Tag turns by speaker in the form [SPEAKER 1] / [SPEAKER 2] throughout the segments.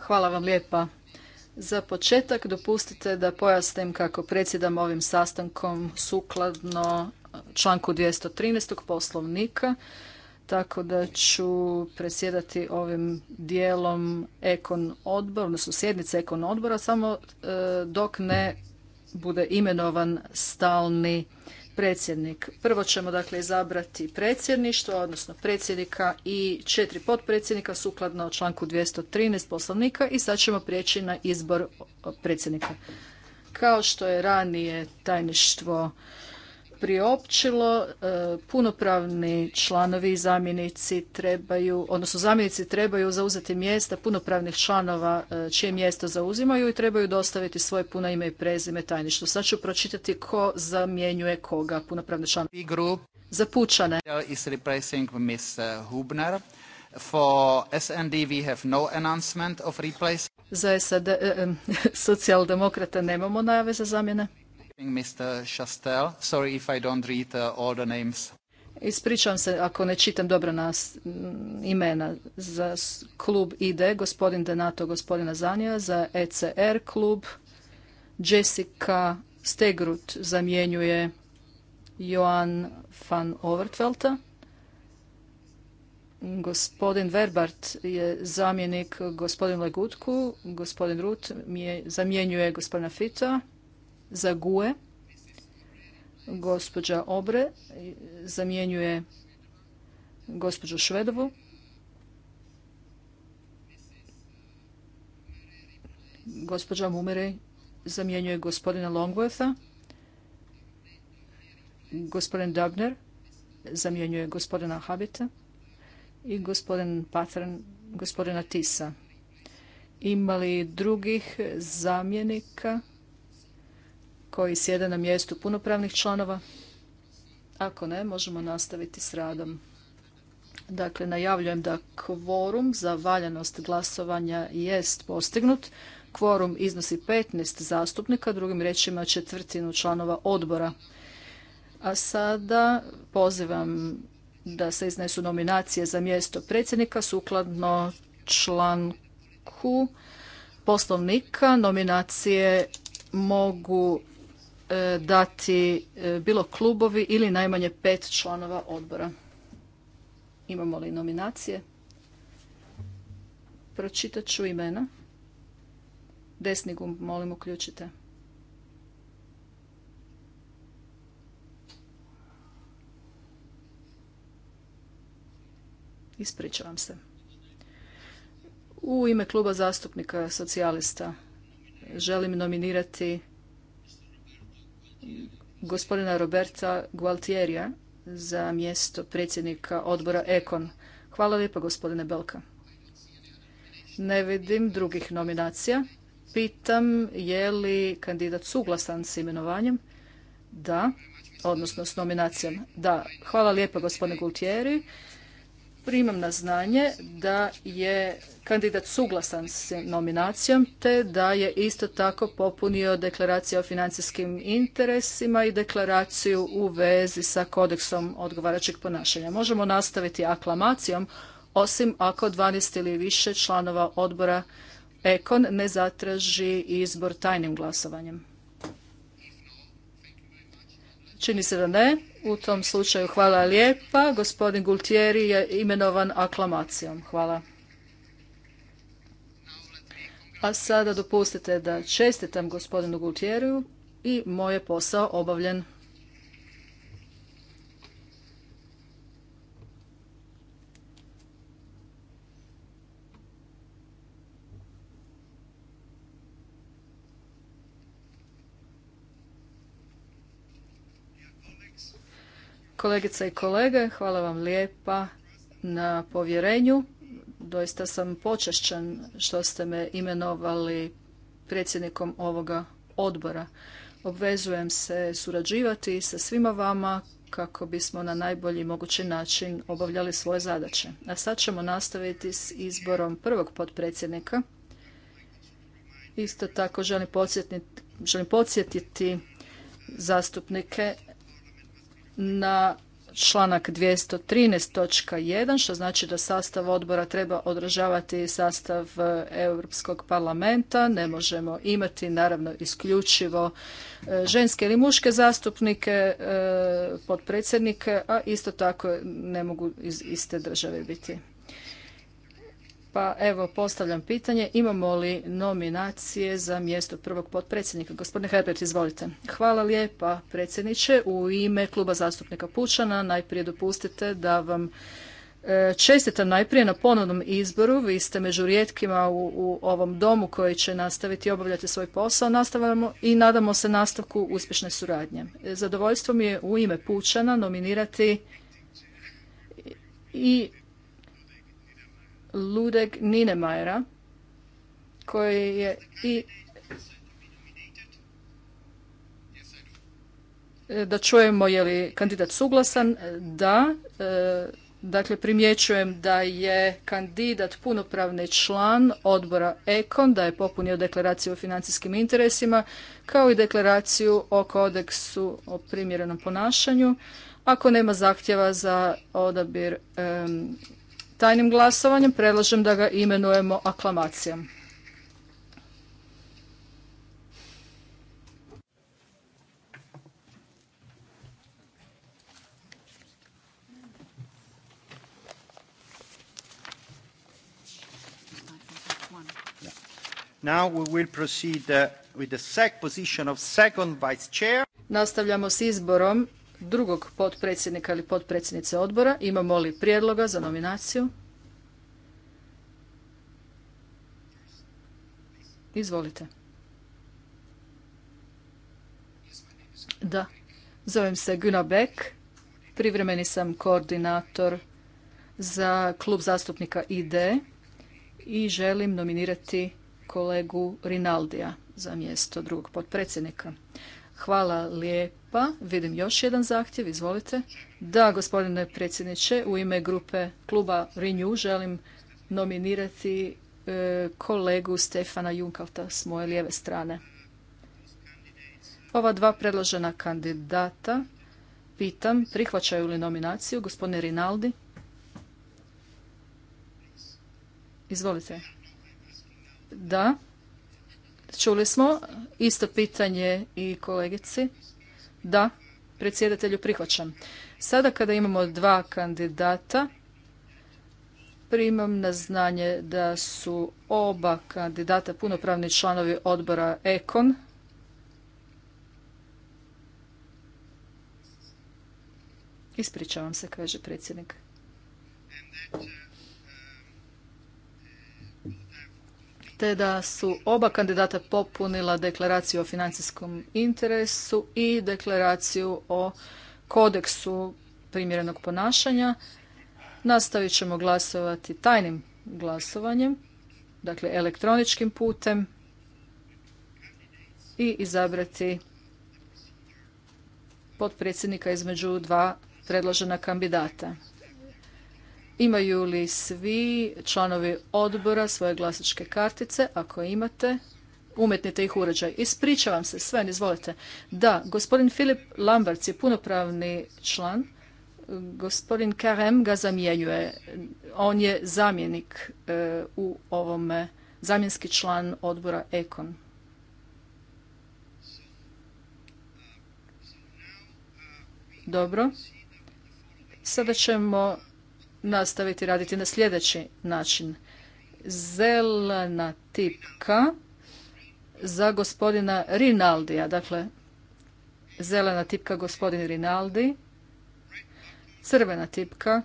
[SPEAKER 1] Hvala vam lijepa. Za početak dopustite da pojasnim kako predsjedam ovim sastankom sukladno članku 213. poslovnika, tako da ću predsjedati ovim dijelom ekon odbor, odnosno sjednice ekon odbora, samo e, dok ne bude imenovan stalni predsjednik. Prvo ćemo dakle izabrati predsjedništvo, odnosno predsjednika i četiri potpredsjednika sukladno članku 213 poslovnika i sad ćemo prijeći na izbor predsjednika. Kao što je ranije tajništvo priopćilo, e, punopravni članovi i zamjenici trebaju, odnosno zamjenici trebaju zauzeti mjesta punopravnih članova e, čije mjesto zauzimaju i trebaju dostaviti svoje puno ime i prezime tajništvu. Sad ću pročitati ko zamjenjuje koga, punopravni članovi. Grup za pučane.
[SPEAKER 2] Is replacing Miss e, Hubner. For SND we have no announcement of
[SPEAKER 1] Za SAD, socijaldemokrata nemamo najave za zamjene.
[SPEAKER 2] Mr. Chastel. I uh,
[SPEAKER 1] Ispričavam se ako ne čitam dobro mm, imena za klub ID, gospodin Denato, gospodina Zanija, za ECR klub, Jessica Stegrut zamjenjuje Johan van Overtvelta. Gospodin Verbart je zamjenik gospodin Legutku, gospodin Rut zamjenjuje gospodina Fita. Za GUE gospođa Obre zamjenjuje gospođu Švedovu. Gospođa Mumere zamjenjuje gospodina Longwortha. Gospodin Dubner zamjenjuje gospodina Habita i gospodin Patran gospodina Tisa. Ima drugih zamjenika? koji sjede na mjestu punopravnih članova? Ako ne, možemo nastaviti s radom. Dakle, najavljujem da kvorum za valjanost glasovanja jest postignut. Kvorum iznosi 15 zastupnika, drugim riječima četvrtinu članova odbora. A sada pozivam da se iznesu nominacije za mjesto predsjednika sukladno članku poslovnika. Nominacije mogu E, dati e, bilo klubovi ili najmanje pet članova odbora. Imamo li nominacije? Pročitat ću imena. Desni gumb, molim, uključite. Ispričavam se. U ime kluba zastupnika socijalista želim nominirati gospodina Roberta Gualtierija za mjesto predsjednika odbora Ekon. Hvala lijepa gospodine Belka. Ne vidim drugih nominacija. Pitam je li kandidat suglasan s imenovanjem? Da, odnosno s nominacijom. Da, hvala lijepa gospodine Gualtieri primam na znanje da je kandidat suglasan s nominacijom te da je isto tako popunio deklaraciju o financijskim interesima i deklaraciju u vezi sa kodeksom odgovarajućeg ponašanja. Možemo nastaviti aklamacijom osim ako 12 ili više članova odbora Ekon ne zatraži izbor tajnim glasovanjem. Čini se da ne. U tom slučaju hvala lijepa. Gospodin Gultieri je imenovan aklamacijom. Hvala. A sada dopustite da čestitam gospodinu Gultieriju i moj je posao obavljen. Kolegice i kolege, hvala vam lijepa na povjerenju. Doista sam počašćen što ste me imenovali predsjednikom ovoga odbora. Obvezujem se surađivati sa svima vama kako bismo na najbolji mogući način obavljali svoje zadaće. A sad ćemo nastaviti s izborom prvog potpredsjednika. Isto tako želim želim podsjetiti zastupnike na članak 213 točka 1 što znači da sastav odbora treba održavati sastav e, Europskog parlamenta. Ne možemo imati naravno isključivo e, ženske ili muške zastupnike, e, podpredsjednike, a isto tako ne mogu iz iste države biti. Pa evo, postavljam pitanje, imamo li nominacije za mjesto prvog potpredsjednika? Gospodine Herbert, izvolite. Hvala lijepa, predsjedniče. U ime kluba zastupnika Pučana najprije dopustite da vam e, Čestitam najprije na ponovnom izboru. Vi ste među rijetkima u, u ovom domu koji će nastaviti i obavljati svoj posao. Nastavljamo i nadamo se nastavku uspješne suradnje. E, zadovoljstvo mi je u ime Pučana nominirati i Ludeg Ninemajera koji je i e, da čujemo je li kandidat suglasan. Da, e, dakle primjećujem da je kandidat punopravni član odbora EKON, da je popunio deklaraciju o financijskim interesima kao i deklaraciju o kodeksu o primjerenom ponašanju. Ako nema zahtjeva za odabir Tajnim glasovanjem predlažem da ga imenujemo aklamacijom. Nastavljamo s izborom drugog potpredsjednika ili potpredsjednice odbora. Imamo li prijedloga za nominaciju? Izvolite. Da. Zovem se Guna Beck. Privremeni sam koordinator za klub zastupnika ID i želim nominirati kolegu Rinaldija za mjesto drugog potpredsjednika. Hvala lijepo pa vidim još jedan zahtjev, izvolite. Da, gospodine predsjedniče, u ime grupe kluba Renew želim nominirati e, kolegu Stefana Junkalta s moje lijeve strane. Ova dva predložena kandidata pitam prihvaćaju li nominaciju gospodine Rinaldi? Izvolite. Da. Čuli smo isto pitanje i kolegici. Da, predsjedatelju prihvaćam. Sada kada imamo dva kandidata, primam na znanje da su oba kandidata punopravni članovi odbora Ekon. Ispričavam se, kaže predsjednik. te da su oba kandidata popunila deklaraciju o financijskom interesu i deklaraciju o kodeksu primjerenog ponašanja. Nastavit ćemo glasovati tajnim glasovanjem, dakle elektroničkim putem i izabrati potpredsjednika između dva predložena kandidata. Imaju li svi članovi odbora svoje glasačke kartice? Ako imate, umetnite ih uređaj. Ispričavam se, Sven, izvolite. Da, gospodin Filip Lamberts je punopravni član. Gospodin Karem ga zamjenjuje. On je zamjenik e, u ovome, zamjenski član odbora Ekon. Dobro. Sada ćemo nastaviti raditi na sljedeći način. Zelena tipka za gospodina Rinaldija. Dakle, zelena tipka gospodin Rinaldi. Crvena tipka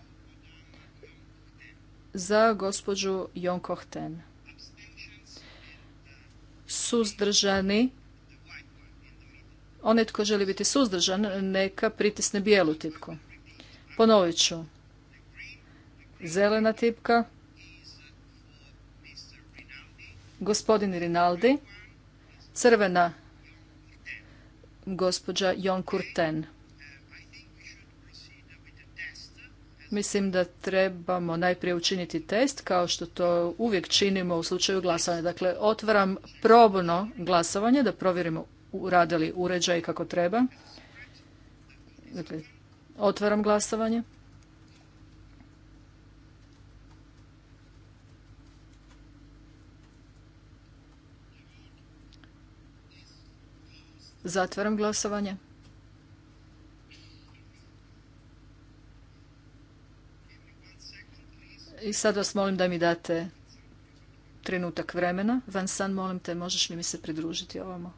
[SPEAKER 1] za gospođu Jonkohten. Suzdržani. Onaj tko želi biti suzdržan, neka pritisne bijelu tipku. Ponovit ću. Zelena tipka. Gospodin Rinaldi. Crvena. Gospođa Jon Kurten. Mislim da trebamo najprije učiniti test, kao što to uvijek činimo u slučaju glasovanja. Dakle, otvaram probno glasovanje da provjerimo radili uređaj kako treba. Dakle, otvaram glasovanje. Zatvaram glasovanje. I sad vas molim da mi date trenutak vremena. Van San, molim te, možeš li mi se pridružiti ovamo?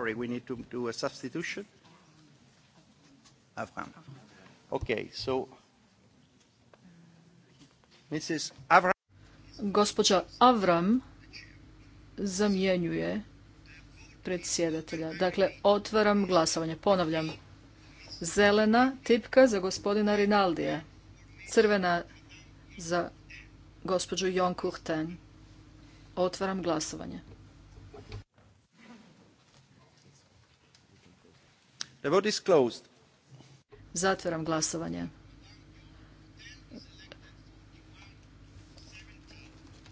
[SPEAKER 1] Sorry, we need to do a substitution. Avram. Okay, so Gospođa Avram zamjenjuje predsjedatelja. Dakle, otvaram glasovanje. Ponavljam. Zelena tipka za gospodina Rinaldija. Crvena za gospođu Jon Otvaram glasovanje. The vote is Zatvaram glasovanje.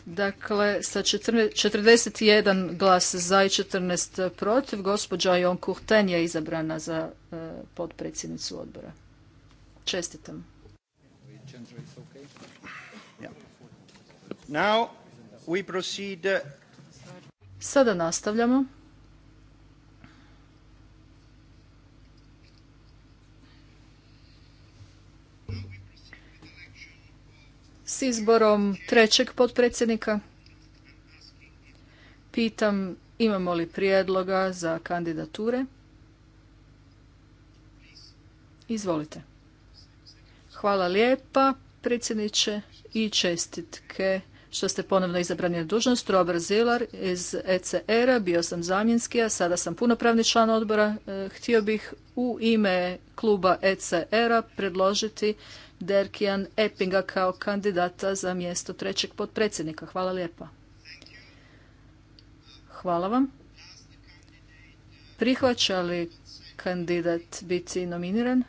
[SPEAKER 1] dakle, sa 41 glas za i 14 protiv, gospođa Jon Kuhten je izabrana za podpredsjednicu potpredsjednicu odbora. Čestitam. Uh, Sada nastavljamo. s izborom trećeg potpredsjednika. Pitam imamo li prijedloga za kandidature? Izvolite. Hvala lijepa predsjedniče i čestitke što ste ponovno izabrani na dužnost. Robert Zilar iz ECR-a, bio sam zamjenski, a sada sam punopravni član odbora. E, htio bih u ime kluba ECR-a predložiti Derkijan Eppinga kao kandidata za mjesto trećeg potpredsjednika. Hvala lijepa. Hvala vam. Prihvaća li kandidat biti nominiran?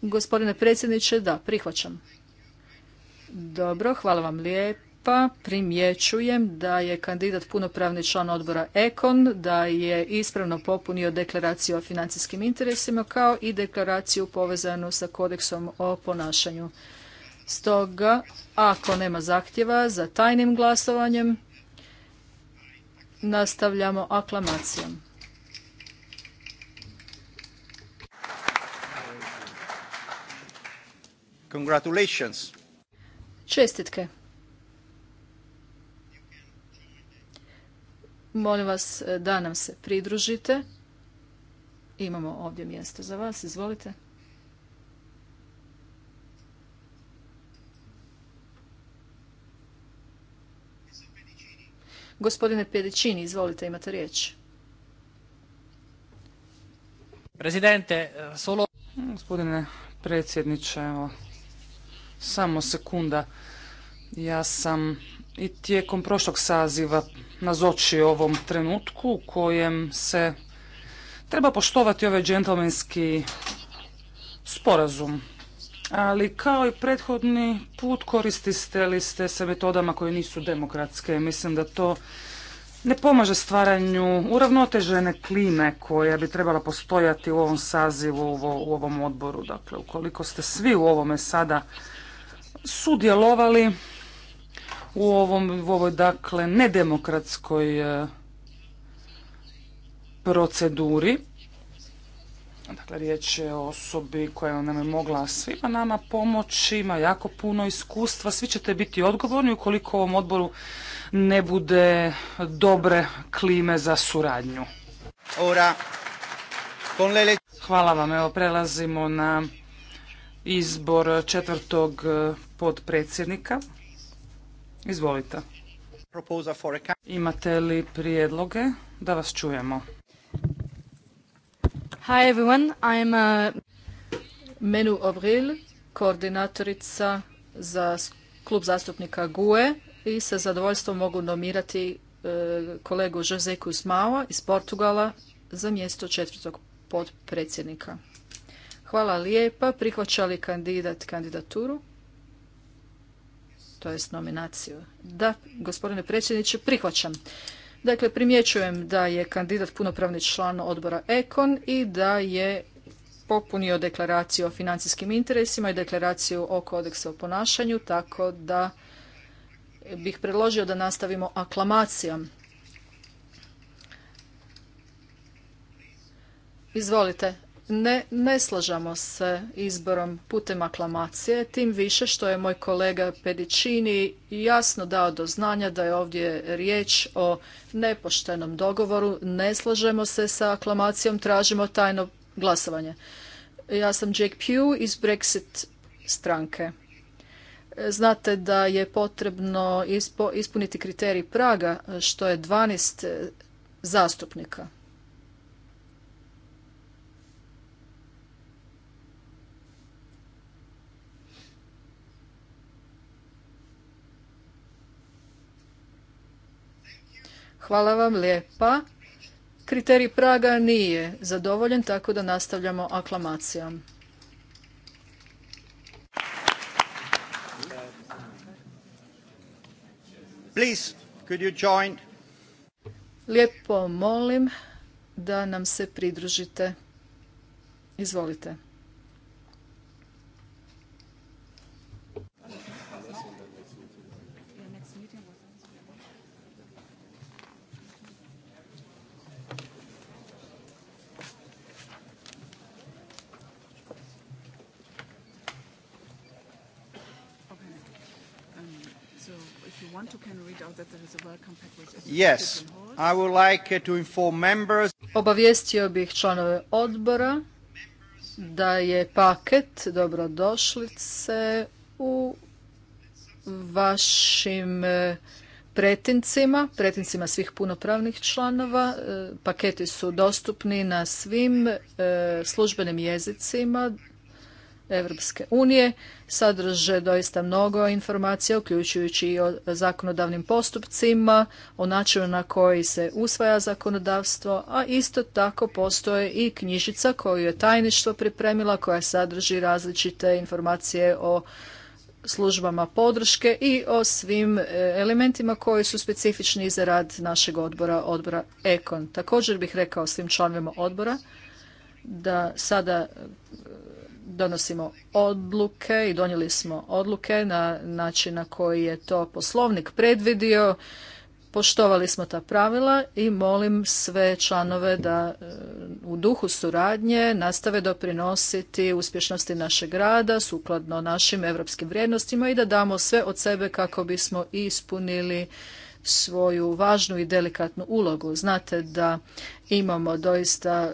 [SPEAKER 1] Gospodine predsjedniče, da, prihvaćam. Dobro, hvala vam lijepa. Primjećujem da je kandidat punopravni član odbora Ekon, da je ispravno popunio deklaraciju o financijskim interesima kao i deklaraciju povezanu sa kodeksom o ponašanju. Stoga, ako nema zahtjeva za tajnim glasovanjem, nastavljamo aklamacijom. Congratulations. Čestitke. Molim vas e, da nam se pridružite. Imamo ovdje mjesto za vas. Izvolite. Gospodine Pedićini, izvolite, imate riječ.
[SPEAKER 2] Presidente, solo... Gospodine predsjedniče, evo, samo sekunda. Ja sam i tijekom prošlog saziva nazočio ovom trenutku u kojem se treba poštovati ovaj džentlmenski sporazum. Ali kao i prethodni put korististe li ste se metodama koje nisu demokratske. Mislim da to ne pomaže stvaranju uravnotežene klime koja bi trebala postojati u ovom sazivu, u ovom odboru. Dakle, ukoliko ste svi u ovome sada sudjelovali u ovom, u ovoj dakle nedemokratskoj e, proceduri. Dakle, riječ je o osobi koja nam je mogla svima nama pomoći, ima jako puno iskustva, svi ćete biti odgovorni ukoliko ovom odboru ne bude dobre klime za suradnju. Hvala vam, evo prelazimo na izbor četvrtog e, podpredsjednika. Izvolite. Imate li prijedloge da vas čujemo? Hi everyone, I'm uh,
[SPEAKER 1] Menu Avril, koordinatorica za klub zastupnika GUE i sa zadovoljstvom mogu nomirati e, kolegu Joseku Smao iz Portugala za mjesto četvrtog podpredsjednika. Hvala lijepa. Prihvaća li kandidat kandidaturu? To jest nominaciju. Da, gospodine predsjedniče, prihvaćam. Dakle, primjećujem da je kandidat punopravni član odbora Ekon i da je popunio deklaraciju o financijskim interesima i deklaraciju o kodeksu o ponašanju, tako da bih predložio da nastavimo aklamacijom. Izvolite ne, ne slažemo se izborom putem aklamacije, tim više što je moj kolega Pedicini jasno dao do znanja da je ovdje riječ o nepoštenom dogovoru. Ne slažemo se sa aklamacijom, tražimo tajno glasovanje. Ja sam Jack Pugh iz Brexit stranke. Znate da je potrebno ispuniti kriterij praga što je 12 zastupnika. Hvala vam lijepa. Kriterij Praga nije zadovoljen, tako da nastavljamo aklamacijom. Lijepo molim da nam se pridružite. Izvolite. Yes, Obavijestio bih članove odbora da je paket dobrodošlice u vašim e, pretincima, pretincima svih punopravnih članova. E, paketi su dostupni na svim e, službenim jezicima Europske unije sadrže doista mnogo informacija uključujući i o zakonodavnim postupcima, o načinu na koji se usvaja zakonodavstvo, a isto tako postoje i knjižica koju je tajništvo pripremila koja sadrži različite informacije o službama podrške i o svim e, elementima koji su specifični za rad našeg odbora, odbora Ekon. Također bih rekao svim članovima odbora da sada donosimo odluke i donijeli smo odluke na način na koji je to poslovnik predvidio. Poštovali smo ta pravila i molim sve članove da e, u duhu suradnje nastave doprinositi uspješnosti našeg rada sukladno našim europskim vrijednostima i da damo sve od sebe kako bismo ispunili svoju važnu i delikatnu ulogu. Znate da imamo doista e,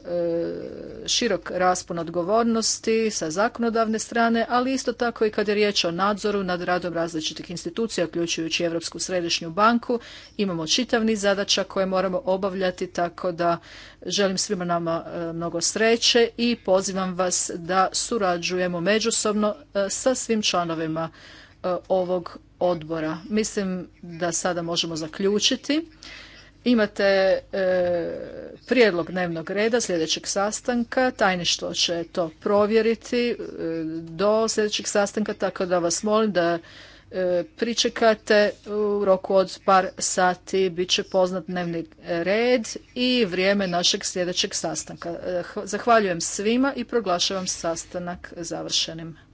[SPEAKER 1] širok raspon odgovornosti sa zakonodavne strane, ali isto tako i kad je riječ o nadzoru nad radom različitih institucija, uključujući Europsku središnju banku, imamo čitav niz zadaća koje moramo obavljati, tako da želim svima nama e, mnogo sreće i pozivam vas da surađujemo međusobno e, sa svim članovima ovog odbora. Mislim da sada možemo zaključiti. Imate e, prijedlog dnevnog reda sljedećeg sastanka, tajništvo će to provjeriti e, do sljedećeg sastanka, tako da vas molim da e, pričekate u roku od par sati, Biće poznat dnevni red i vrijeme našeg sljedećeg sastanka. E, zahvaljujem svima i proglašavam sastanak završenim.